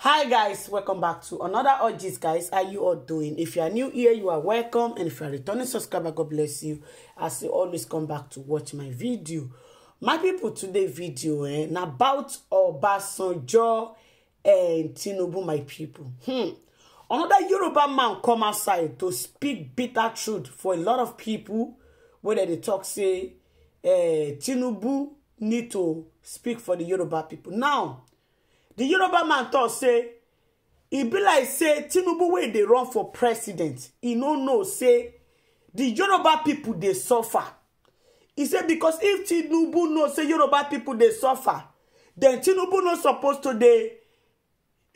hi guys welcome back to another orgies guys how you all doing if you are new here you are welcome and if you are returning subscriber god bless you as you always come back to watch my video my people today video eh, na about Obasanjo and Tinubu my people hmm. another Yoruba man come outside to speak bitter truth for a lot of people whether they talk say eh, Tinubu need to speak for the Yoruba people now The yoruba man tok say e be like say tinubu wey dey run for president e no know say the yoruba people dey suffer He say because if tinubu know say yoruba people dey suffer then tinubu no suppose to dey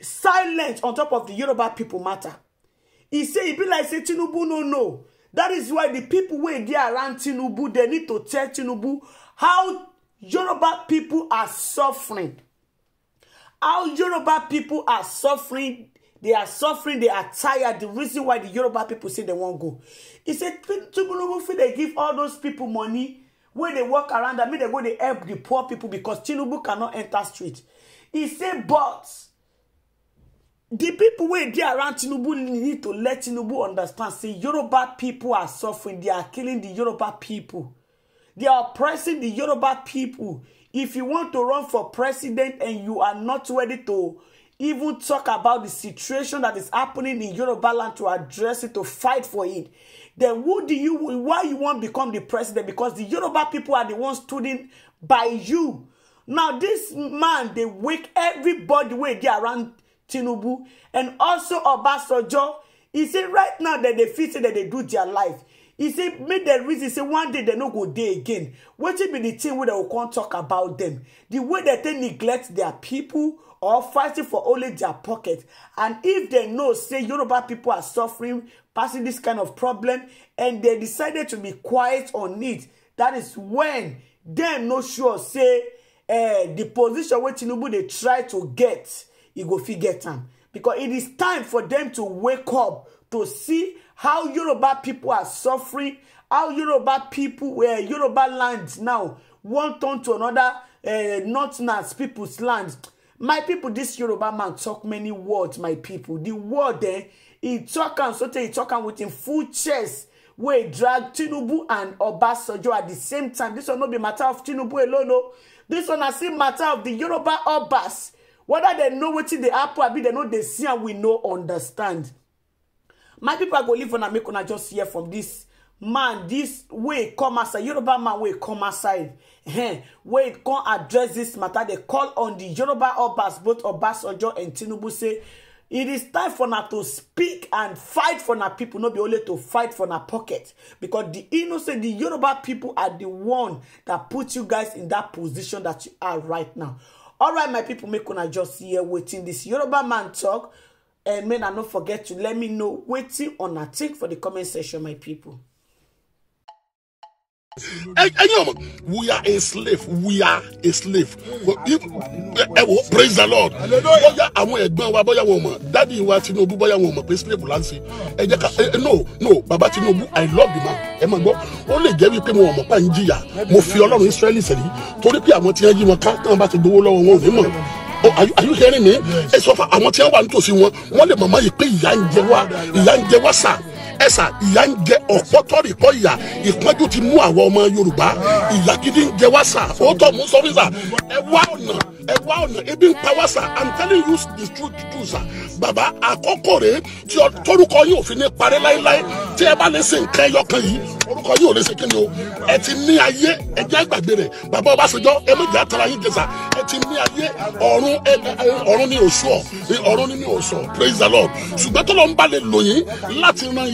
silent on top of the yoruba people matter He say e be like say tinubu no know that is why di pipo wey dey around tinubu they need to tell tinubu how yoruba people are suffering how Yoruba people are suffering. They are suffering. They are tired. The reason why the Yoruba people say they won't go. He said, Tinubu feel they give all those people money wey they walk around I mean, they go dey help the poor people because Tinubu cannot enter street. He said, but the people wey dey around Tinubu need to let Tinubu understand say Yoruba people are suffering. They are killing the Yoruba people. They are oppressing the Yoruba people. If you want to run for president and you are not ready to even talk about the situation that is happening in Yoruba land to address it, to fight for it, then who do you, why you want to become the president? Because the Yoruba people are the ones stood by you. Now, this man, they wake everybody way they around Tinubu and also Obasanjo. Is it right now that they feel that they do their life? He say make dem reason say one day dem no go dey again wetin be the thing wey dem go come talk about dem The way dem take neglect their people or fighting for only their pocket and if dem know say yoruba people are suffering passing this kind of problem and dem decided to be quiet on it that is when dem no sure say eh, the position wey tinubu dey try to get e go fit get am because it is time for dem to wake up to see how Yoruba people are suffering, how Yoruba people where eh, Yoruba lands now one turn to another uh, eh, northerners people's land. My people, this Yoruba man talk many words, my people. The word there, eh, he talk and so he talk and with him full chest. wey drag tinubu and obasanjo at the same time this will not be matter of tinubu alone o oh. this one na still matter of the yoruba obas whether they know wetin dey happen abi they know they see and we know understand my people i go leave una make una just hear from this man This wey come outside yoruba man wey come aside. eh, wey come address this matter They call on the yoruba obas both obasanjo and tinubu say it is time for na to speak and fight for na people not be only to fight for na pocket because the innocent the yoruba people are the one that put you guys in that position that you are right now all right my people make una just hear waiting this yoruba man talk and eh, may i not forget to let me know Waiting on a take for the comment section my people. ẹyin eh, eh, ọmọ we are a slave we are a slave ẹ wo praise the lord bóyá àwọn ẹ̀gbọ́n wa bóyá wọn mọ̀ dádì no no baba tinubu i love the man. Only ma you ó lè more wípé wọn mọ̀ pa ń jìyà mo fi ọlọ́run israẹli sẹ́yìn torí pé àwọn tí wọ́n yí wọn ká tí wọ́n bá ti gbowó Oh, are you hearing me ẹ sọ fún àwọn tí wọn wà nítòsí wọn wọn lè mọ̀mọ́ yìí pé ìyá ń jẹ wá ìyá ń jẹ wá sà ẹsà ìyá ń jẹ ọ̀pọ̀tọ́rì kọ́ ìyá ìpọ́njú ti mú àwọn ọmọ Yorùbá ah. ìyá gidi ń jẹ wá sà ó tọ́ mú sọ́fíìsà ẹ wá ọ̀nà ẹwà ọ̀nà ebi ń pa wá i'm telling you the truth the truth sà bàbá àkọ́kọ́ rẹ̀ tí orúkọ yìí ò fi ní parí láéláé tí ẹ bá lè ṣe nǹkan ẹyọ kan yìí orúkọ yìí ò lè ṣe kíni o ẹ ti ní ayé ẹjẹ àgbàgbé rẹ bàbá Ọbásanjọ́ ẹ méjì àtàrà yín jẹsà ẹ ti ní ayé ọ̀run ọ̀run ní oṣù ọ ọ̀run ní oṣù ọ praise the lord ṣùgbọ́n tọ́lọ́ ń bá lè lò yín láti ran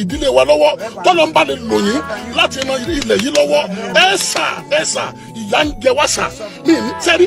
ìdílé wa lọ́wọ́ tọ́lọ́ ń bá lè lò yín láti ran ilẹ̀ yìí lọ́wọ́ ẹ sà ẹ sà ìyá ń jẹ wá sà mí sẹ́rí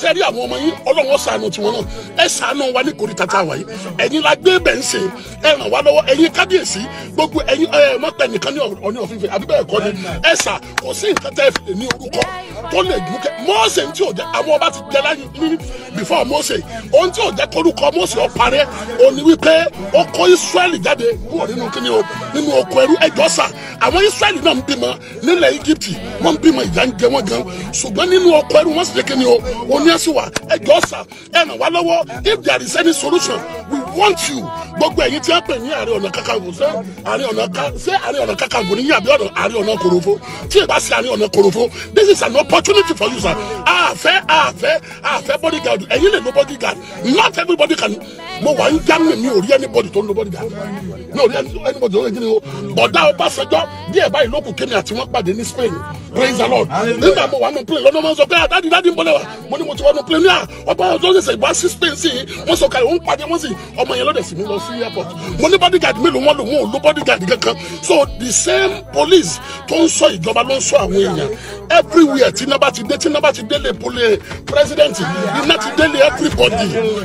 ṣe rí àwọn ọmọ yín ọlọ́wọ́n ṣàánú tiwọn náà ẹ ṣàánú wa ní koríta tá a wà yìí ẹ̀yin la gbé bẹ̀ ń ṣe ẹ ràn wá lọ́wọ́ ẹ̀yin kábíyèsí gbogbo ẹ̀yin ẹ mọ̀pẹ́ nìkan ní ọ̀ní ọ̀fífẹ́ àbí bẹ́ẹ̀ ni ẹ ṣà kò sí nǹkan tẹ́ fi ní orúkọ tó lè dùn kẹ́ mọ́ọ̀sẹ̀ tí ò àwọn ọba ti jẹ́ láyé before mọ́ọ̀sẹ̀ ohun tí ò korúkọ mọ́ọ̀sẹ̀ ọ òní wípé ó kó Ísírẹ́lì jáde kúrò nínú kíní o nínú oko ẹrú ẹjọ́ sà àwọn Ísírẹ́lì náà ń bímọ nílẹ̀ Íjíbítì wọ́n ń bímọ ìjà ń jẹ wọ́n gan ṣùgbọ́n nínú oko ẹrú wọ́n sì jẹ́ kíní o ní ẹ̀jọ́ sà ẹ̀ wá lọ́wọ́ if there is any solution we want you gbogbo ẹ̀yin tí wọ́n pè ní ààrẹ ọ̀nà kakanfò ṣé ààrẹ ọ̀nà ká ṣé ààrẹ ọ̀nà kakanfò ní yàbí ọ̀nà ààrẹ ọ̀nà korofo tí ì bá ṣe ààrẹ ọ̀nà korofo this is an opportunity for you sir àfẹ́ àfẹ́ àfẹ́ jẹ́ bodyguard ẹ̀yin lè lo bodyguard not everybody can mo wà ń jámì mi ò rí anybody tó ń lo bodyguard mi ò anybody tó ń lo bodyguard bọ̀dá ọbaṣẹjọ́ díẹ̀ báyìí lókùn kémi àti wọn pàdé ní Spain praise the lord nígbà mo wà nù play. lọ́nà wọn sọ pé àdáàdì dáàdì ń bọ̀ lẹ́wà mo ní mo ti wà nù plane ní ah, à ọba ọjọ́ ṣẹ̀ṣẹ̀ ìbá sí Spain sí wọ́n sọ kalẹ̀ wọ́n pàdé wọ́n sì ọmọ yẹn lọ́dẹ̀ sí mi lọ sí airport mo ní bodyguard mélòó wọn lò wọn ò lo bodyguard kankan so the same police tó ń ṣọ́ ìjọba ló ń ṣọ́ àwọn èèyàn everywhere tí náà bá ti dé tí náà bá ti délé bọ́lẹ̀ president iná ti délé everybody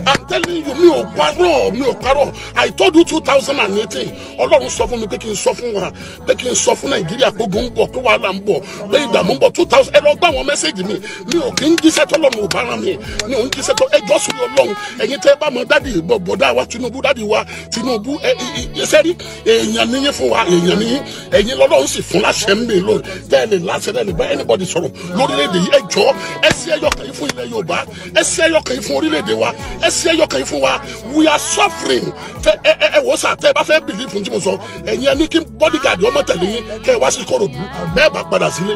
i'm telling you mi ò parọ́ mi ò parọ́ i told you two thousand and eighteen ọlọ́run sọ fún mi pé kí n sọ fún wa pé kí n sọ fún nàìjíríà pé ogun ń bọ̀ pé wàhálà ń bọ̀ pé ìdààmú ń bọ̀ two thousand ẹ lọ gbọ́ àwọn mẹ́sẹ̀gì mi mi ò kí ń jíṣẹ́ tọ́lọ́run ò bá rán mi mi ò ń jíṣẹ́ tọ́ ẹjọ́ sùn ọlọ́run ẹ̀yin tẹ́ bá mọ dádì bọ̀dá wa tinubu dádì wa tinubu ẹ ẹ sẹ́rí èèyàn níyìn fún wa èèyàn níyìn ẹ̀yin lọ́lọ́run sì fún láṣẹ ń bè lónìí tẹ́ ẹ lè láṣẹ tẹ́ ẹ bá anybody mi sọ̀rọ̀ lórílẹ̀ yìí ẹ jọ ẹ sí ẹyọ fún ilẹ̀ Yorùbá ẹ sí ẹyọ fún orílẹ̀‐èdè wa ẹ sí ẹyọ fún wa we are suffering tẹ ẹ ẹ ẹ wò sà tẹ ẹ bá fẹ́ bìlí fún tí sọ ẹ̀yin ẹni kí bodyguard ọmọ tẹ̀lé yín kẹ́ ẹ wá sí korodu bẹ́ẹ̀ bá padà sílé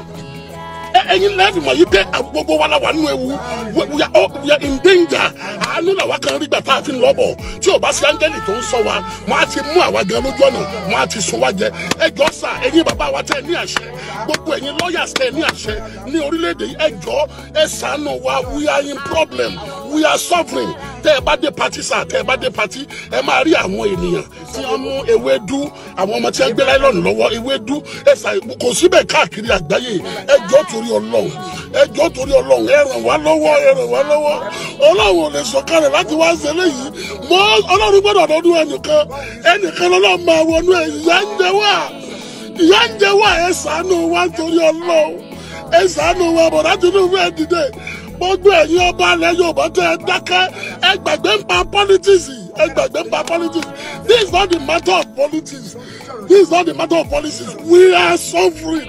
ẹyin lẹ́ẹ̀fì mọ̀ yìí pé gbogbo wa la wà nínú ewu we are in danger àánú làwa kan rí gbàtà àti lọ́bọ̀ tí o bá sí áńgẹ́lì tó ń sọ wa wọ́n á ti mú àwa gan lójú ọ̀nà wọ́n á ti sọ wa jẹ ẹjọ́ sà ẹyin bàbá wa tẹ̀ ní àṣẹ gbogbo ẹyin lọ́ọ̀yà tẹ̀ ní àṣẹ ní orílẹ̀-èdè ẹjọ́ ẹ ṣàánú wa we are in problem we are suffering tẹ́ ẹ bá dé pati sá tẹ́ ẹ bá dé pati ẹ máa rí àwọn ènìyàn tí wọ́n mú ewédú àwọn ọmọ tí wọ́n gbé láìlọ́nù lọ́wọ́ ewédú ẹ sà kò síbẹ̀ káàkiri àgbáyé ẹ jọ̀ọ́ torí ọlọ́run ẹ jọ̀ọ́ torí ọlọ́run ẹ ràn wá lọ́wọ́ ẹ ràn wá lọ́wọ́ ọlọ́run ò lè sọ̀kalẹ̀ láti wá ṣe léyìí mọ́ ọlọ́run gbọ́dọ̀ lọ́dún ẹnìkan ẹnìkan lọ́lọ́run máa wọnú ẹ̀ ìyà ń jẹ wá ìyà ń jẹ wá ẹ ṣàánú wa nítorí ọlọ́run ẹ ṣàánú wa bọ̀dá tuntun fẹ́ẹ́ dìde gbogbo ẹ̀yin ọba alẹ́ Yorùbá tẹ́ ẹ dákẹ́ ẹ gbàgbé ń pa politics ẹ gbàgbé ń pa politics this is not the matter of politics this is not the matter of politics we are suffering.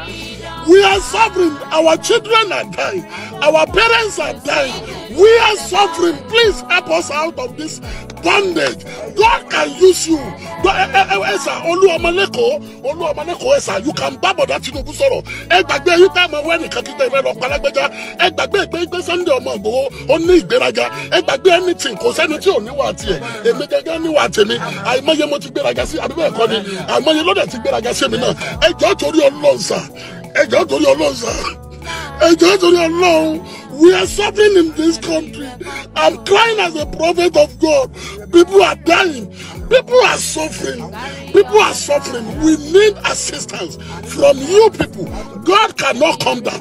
We are suffering. Our children are dying. Our parents are dying. We are suffering. Please help us out of this bondage. God can use you. Ẹ̀sà Olúọmọlẹ́kọ̀ eh, Ẹ̀sà eh, eh, you can bábọ̀dá Tinubu sọ̀rọ̀. eh, gbàgbé You tá a máa wẹ́ nìkan kíkẹ́ ìfẹ́ lọ palágbẹ́já. Ẹ gbàgbé ìgbé ìgbé Sunday ọmọ Ìgbòho ó ní ìgbéraga. Ẹ gbàgbé anything kò sẹ́ni tí ò ní wà tiẹ̀. Èmi gẹ́gẹ́ ní wà tèmi. Àìmọye mo ti gbéraga sí àbí bẹ́ẹ̀ kọ́ ni. Àìmọye lọ́dẹ̀ ti gbéraga sí mi náà. Eh, jọ̀ọ́ torí Ọlọ́run sà. ẹjọ́ torí ọlọ́run sá ẹjọ́ torí ọlọ́run we are suffering in this country i'm crying as a prophet of god people are dying people are suffering people are suffering we need assistance from you people god cannot come down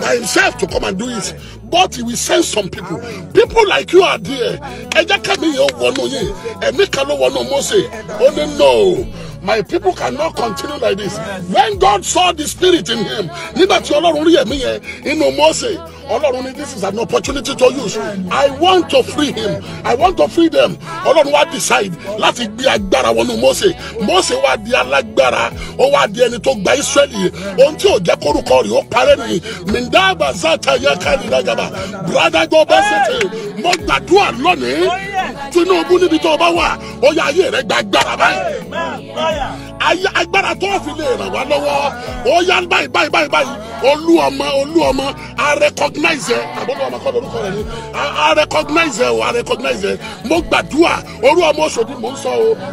by himself to come and do it but he will send some people people like you are there ẹjẹ kàmi yẹn wọnú yìí ẹmí kan ló wọnú mose ó ní no. my people cannot continue like this when God saw the spirit in him nígbà tí ọlọ́run rí ẹ̀mí yẹn inú Mósè ọlọ́run ní this is an opportunity to use I want to free him I want to free them ọlọ́run wá decide láti gbé agbára wọnú Mósè Mósè wá di alágbára ó wá di ẹni tó gba Ísírẹ́lì ohun tí ò jẹ́ kórúkọ rẹ̀ ó parẹ́ nìyí mindaba zata yẹ kárí rẹ̀ gaba brada gbọ́ bẹ́sẹ̀ tẹ̀ mo gbàdúrà lónìí. Tinubu níbi tó o bá wà ó yá ayé rẹ gba agbára tó fi lè ràn wá lọ́wọ́ ó yá báyìí báyìí báyìí báyìí olú ọmọ olú ọmọ a recognize ẹ àbọ̀dọ̀ ọmọ kọ́ lórúkọ rẹ ni a recognize ẹ o a recognize ẹ mo gbàdúrà olú ọmọ Òṣòdì mò ń sọ o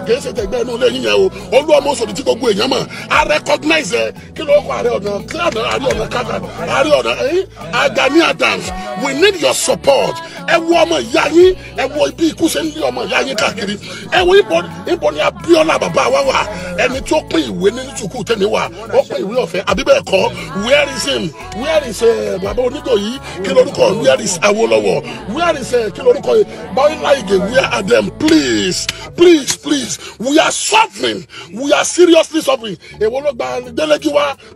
kìí ṣe tẹ̀gbẹ́ inú ilé yíyan o olú ọmọ Òṣòdì tí gbogbo èèyàn mọ̀ a recognize ẹ kí ló kọ Ààrẹ Ọ̀nà Kakanfò Ààrẹ Ọ̀nà Kakanfò Ààrẹ Ọ̀nà Gani Adams we need your support ẹ wo ọmọ ìyá yín ẹ wo ibi ikú ṣe ń ẹni tí ó pín ìwé ní sùkúù tẹ̀mí wa ó pín ìwé ọ̀fẹ́ àbí bẹ́ẹ̀ kọ́ where is him where is eh, bàbá onídòyí kí lorúkọ where is Awolowo where is eh, kí lorúkọ Báyọ̀lá Ìgè where are them please please please we are suffering we are seriously suffering èwo ló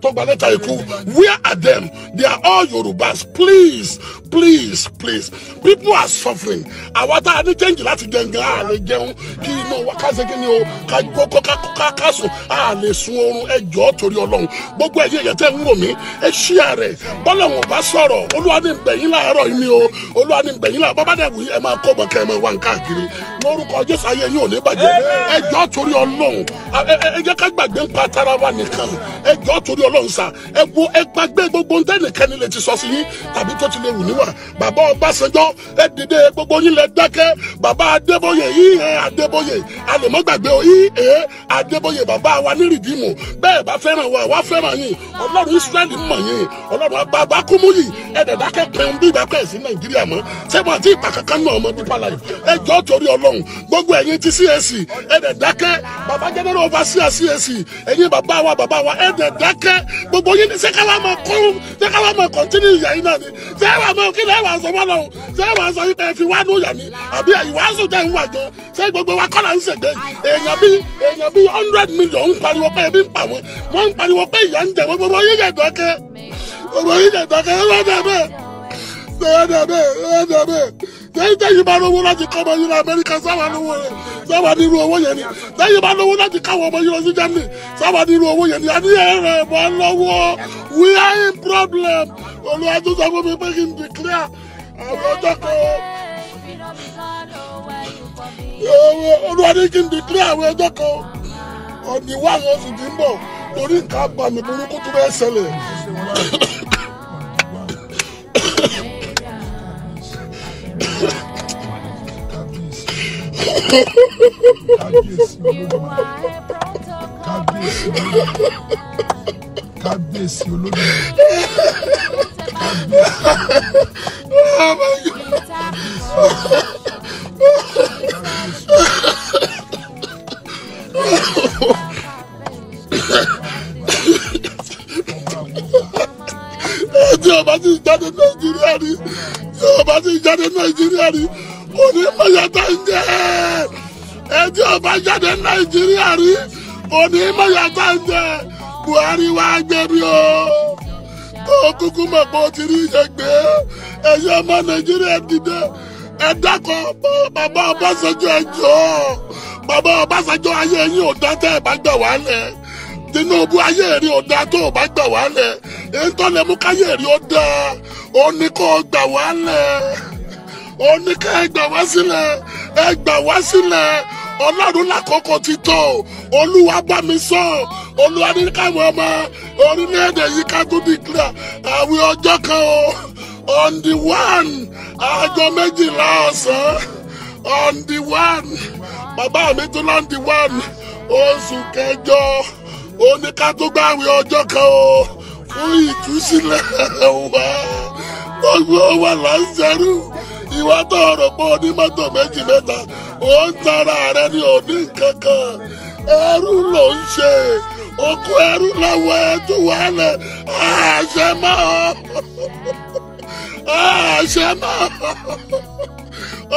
tó gba lẹ́tà ikú where are them they are all Yorùbás please please please people are suffering àwa tá a láti jẹun gan jẹun kí inú wa ká ṣe kí ni o ká kó ká sùn a lè sun oorun ẹ torí ọlọ́run gbogbo ẹ̀yẹ yẹn tẹ́ ń wò mí ẹ ṣí ààrẹ bọ́lọ̀wọ̀n bá sọ̀rọ̀ olúwa ní gbẹ̀yìn láàárọ̀ yìí ni o olúwa ní gbẹ̀yìn láà bàbá dẹ̀ wí ẹ máa kọ́ bọ̀ kẹ́ ẹ máa wà káàkiri lórúkọ jésù ayé yín ò ní bàjẹ́ ẹ torí ọlọ́run ẹ ká gbàgbé ń pa tara wa nìkan ẹ torí ọlọ́run sà ẹ wo ẹ gbàgbé gbogbo ń tẹ́nìkan ni lè ti sọ sí yín tàbí tó ti lè wù níwà bàbá ọbásanjọ́ ẹ dìde gbogbo yín lẹ dákẹ́ bàbá adébóyè yíyẹ adébóyè àlèmọ́gbàgbé o yíyẹ adébóyè bàb bàbá wa ní rìdíìmù bẹ́ẹ̀ bá fẹ́ràn wa wá fẹ́ràn yín ọlọ́run Ísírẹ́lì mọ̀ yín ọlọ́run àgbààgbà kúmú yìí ẹ̀dẹ̀dákẹ́ pẹ̀hún bí ìgbà pẹ̀sí Nàìjíríà mọ́ sẹ́wọ̀n àti ìgbà kankan náà ọmọ Deeper Life ẹ jọ̀ọ́ torí ọlọ́run gbogbo ẹ̀yin ti CAC ẹ̀dẹ̀dákẹ́ bàbá general overseer CAC ẹ̀yin bàbá wa bàbá wa ẹ̀dẹ̀dákẹ́ gbogbo yín ní sẹ́kálá máa kọ́ sẹ́kálá máa kọ́ntínú ìyá yín náà ni sẹ́wà máa kí lẹ́wà sọ wọn lọ sẹ́wà sọ yín pé fi wá nù yà mí àbí ẹ̀yìn wàásù jẹ́ ìwà jọ sẹ́ gbogbo wa kọ́ là ń ṣègbè èèyàn bí èèyàn bí hundred million jọ ń pariwo pé ebi ń pa wọn wọn ń pariwo pé ìyà ń jẹ wọn gbogbo yín jẹ̀dọ̀ gbogbo yín jẹ̀dọ̀ ẹ wọ́n dà ẹ wọ́n dà ẹ wọ́n dà bẹ́ẹ̀ lẹ́yìn tẹ́yìn bá lówó láti kọ́ ọmọ yìí lọ Amẹ́ríkà sábà nírú owó yẹn sábà nírú owó yẹn ni lẹ́yìn bá lówó láti káwọn ọmọ yìí lọ sí Germany sábà nírú owó yẹn ni àbí ẹ̀rẹ̀ bọ́ lọ́wọ́ we are in problem olùwà tó fún mi pé kí n declare àwọn ọjọ́ kan olùwà ní kí n declare àwọn ọjọ́ kan ọ̀dì wá lọ́sù tí ń bọ̀ torí nǹkan àgbàmì burúkú tó bẹ́ẹ̀ ṣẹlẹ̀. kábíyèsí olódùmarè kábíyèsí olódùmarè onímọ̀yà sáńjẹ Buhari wá gbẹ̀bí o tó kúkú mọ̀ pé ó ti rí iye gbé ẹ̀yẹ ọmọ Nàìjíríà dìde ẹ dákọ̀ bàbá Ọbásanjọ́ ẹ jọ̀ọ́ bàbá Ọbásanjọ́ ayé yín ò dá ẹ̀ bá gbà wálẹ̀ tinubu ayé tó o bá gbà mú káyé ó ọlọ́run lákòókò ti tó olúwa bá mi sọ olúwa ní káwọn ọmọ orílẹ̀-èdè yìí ká tún dìgbà àwẹ̀ ọjọ́ kan o on the one aago méjìlá ọ̀sán on the one bàbá mi tún lọ́n the one oṣù kẹjọ oníkátógbàwé ọjọ́ kan o fún ìtúsílẹ̀ wa gbogbo wa là ń ṣerú ìwọ tó rò pé onímọ́tò méjì mẹ́ta ó ń tara rẹ ní òní kankan ẹrú ló ń ṣe okú ẹrú lọ́wọ́ ẹtù wálẹ̀ àṣẹ mọ́ àṣẹ mọ́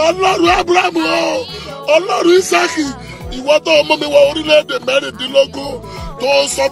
ọlọ́run abrahamu ọlọ́run isaki ìwọ tó ọmọ mi wọ orílẹ̀-èdè mẹ́rìndínlógún tó sọ.